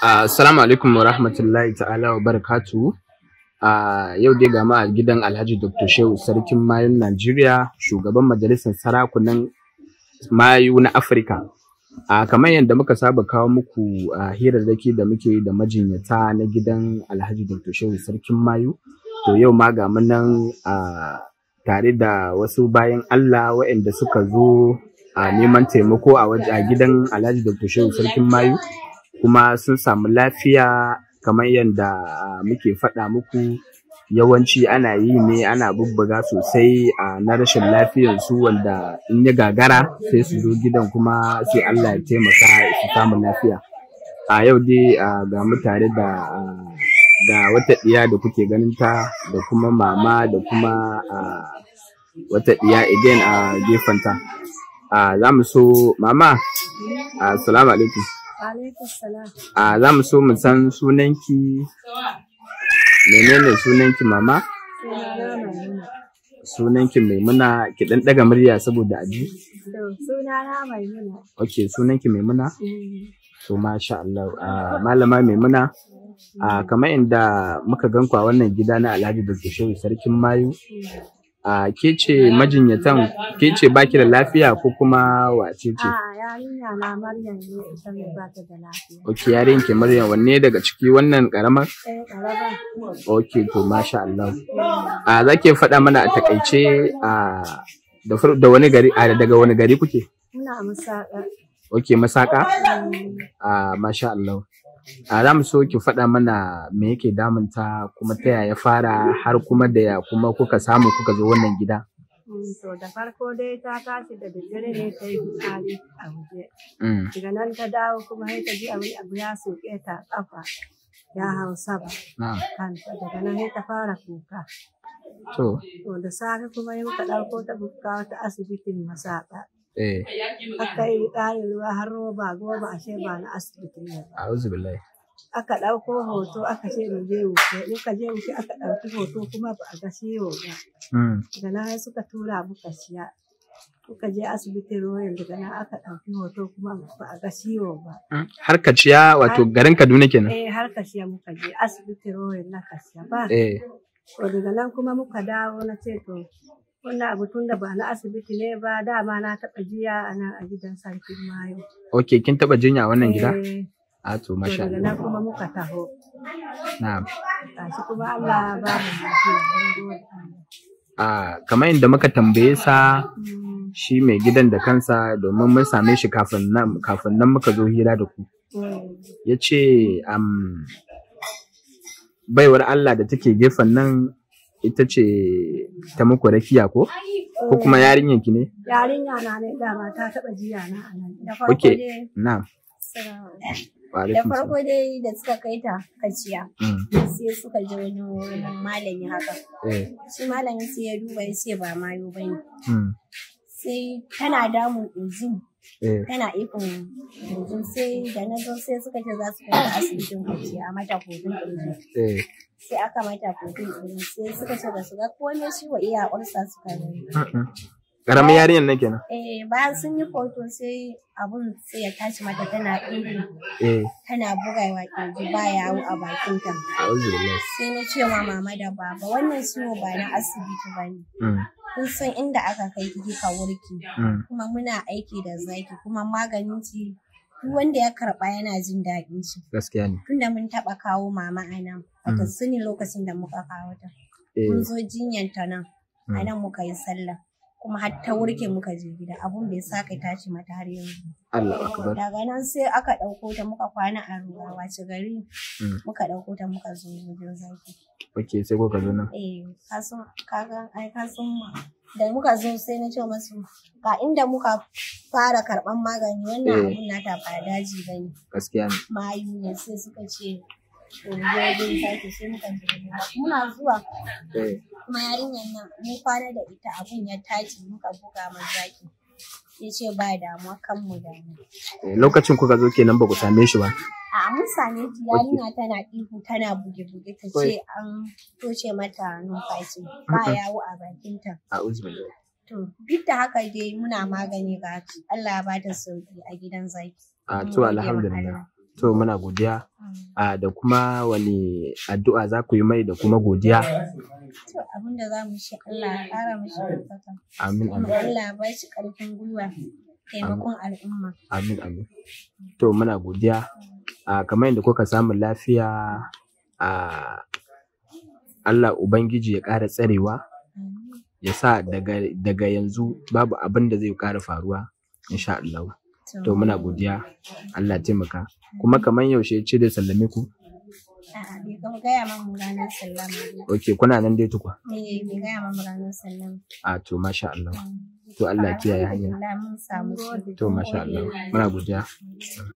Ah, assalamu alaikum wa rahmatullahi ta'ala wa barakatu. Ah, yau dai gama a gidan Alhaji Dr. Shehu Sarkin Mayun Najeriya, shugaban majalisar sarakunan mayu na Afirka. A ah, kamar yadda muka saba kawo muku hirarraki da muke da majinyata na gidan Alhaji Dr. Shehu Sarkin Mayu. To yau ma ga nan tare da wasu bayan Allah waɗanda suka zo a neman taimako a gidan Alhaji Dr. Shehu Sarkin Mayu. kuma sun samu lafiya kamar yadda muke faɗa muku yawanci ana yi ne ana bubbuga sosai a na rashin lafiyar su wanda in ya gagara sai su zo gidan kuma sai Allah ya taimaka su samu lafiya a yau dai ga mu tare da wata ɗiya da kuke ganin ta da kuma mama da kuma wata ɗiya again a gefenta za mu so mama assalamu alaikum A za mu so mu san sunanki, menene sunanki mama? Sunanki Maimuna, ki ɗan ɗaga murya saboda aji? Sunana Maimuna. Ok, sunanki Maimuna? Mm. To, masha Allah, malama Maimuna. a kamar inda muka ganku a wannan gida na Alhaji Dr. Sarkin Mayu mm. a ke ce majinyatan ke ce baki da lafiya ko kuma wace ce? yarinya na Maryam ne ita ne ba ta da lafiya. Ok yarin ke Maryam wanne daga ciki wannan karamar? Eh karamar. Ok to masha Allah. A za ke faɗa mana a takaice a da wani gari a daga wani gari kuke? Ina masaka. Ok masaka? Eh. A masha Allah. a za mu so ki faɗa mana me yake damunta kuma ta yaya fara har kuma da ya kuma kuka samu kuka zo wannan gida mm, to da farko dai ta tashi da daddare ne ta yi fitsari a waje mm. daga nan ta dawo kuma sai ta ji abin abu ya soke ta kafa ya hau saba ah. kanta daga nan sai ta fara kuka to da safe kuma yi muka ɗauko ta bukawa wata asibitin masaka. Eh. aka yi ƙarin ruwa har roba goma ashe ba na asibiti ne ba. A'udhu billahi. Aka ɗauko hoto aka ce mu je wuce, muka je wuce aka ɗauki hoto kuma ba a ga ciwo ba. Hmm. Daga nan suka tura muka siya. Muka je asibitin Royal daga nan aka ɗauki hoto kuma ba a ga ciwo ba. Hmm. Har ciya wato garin Kaduna kenan? Eh har ciya muka je asibitin Royal na ciya ba. Eh. To daga nan kuma muka dawo na ce to wannan abu tun da ba na asibiti ne ba dama na taɓa jiya a nan a gidan sarkin mayo. Ok, kin taɓa jinya a wannan gida? Eh. A to masha Allah. Daga kuma muka taho. Na'am. Gashi kuma Allah ba mu lafiya. A kamar yadda muka tambaye sa mm. shi mai gidan da kansa domin mun same shi kafin nan kafin nan muka zo hira da ku. Mm. Ya ce baiwar Allah da take gefen nan ita ce ta muku rakiya ko? Eh. Ko kuma yarinyan ki ne? Yarinya na ne dama ta taɓa jiya na anan. Ok, Da farko dai. Na. Da farko dai da suka kai ta kaciya. Mm. Sai suka je wani malami haka. Eh. Shi malami sai ya duba ya ce ba mayo ba ne. Mm. Sai tana damun injin. Eh. tana ikon kirji sai da na zo sai suka ce za su kai asibitin kirji a mata kogin kirji eh. sai aka mata kogin kirji sai suka ce da su ga kone shi wa iya ƙwarsa suka yi karamin yarinyar nan kenan eh bayan sun yi foto, sai abun sai ya tashi mata tana ɗiri eh. tana bugawa kirji ba yawo a bakin ta sai na ce ma mama da baba wannan ciwo ba na asibiti ba ne mm. kun san inda aka kai ki kika warke mm. kuma muna aiki da zaki kuma maganin ci duk wanda ya karba yana jin daɗin shi gaskiya ne tunda mun taɓa kawo mama a nan mm. sani lokacin da muka kawo ta eh. mun zo jinyar ta nan a mm. nan muka yi sallah kuma har ta wurke muka je gida abun bai sa kai tashi mata har yanzu Allah akbar daga nan sai aka dauko ta muka kwana a ruwa wace gari mm. muka dauko ta muka zo wajen zaki okay sai kuka zo nan eh kasan kagan ai kasan ma da muka zo sai na ce masu ga inda muka fara karban magani wannan eh. abun na ta ba daji bane gaskiya ne mayu ne sai suka ce muna zuwa eh. kuma yarinyar nan mu kwana da ita abun ya taci muka buga mai zaki ya ce ba damuwa kan mu da eh, lokacin kuka zo kenan ba ku same shi ba a mun same shi yarinya tana ihu tana buge buge ta ce an toce mata numfashi ba yawo a bakinta to duk da haka dai muna magani ga Allah ya bata sauki a gidan zaki a to alhamdulillah to muna godiya a da kuma wani addu'a za ku yi mai da kuma godiya to abin da za mu shi Allah ya mu shi ɗaukaka amin amin Allah ba shi ƙarfin gwiwa taimakon al'umma amin amin to muna godiya a kamar yadda kuka samu lafiya a Allah ubangiji ya ƙara tsarewa ya sa daga yanzu babu abin da zai ƙara faruwa insha Allah to muna godiya Allah taimaka kuma kamar yaushe ce da sallame ku A'a, bai kuma gaya mamu ranar sallama. Ok, kuna nan dai tukwa? Eh, bai gaya mamu ranar sallama. A ah, to, masha Allah. Mm. To, Allah kiyaye hanya. To, masha Allah. Muna godiya.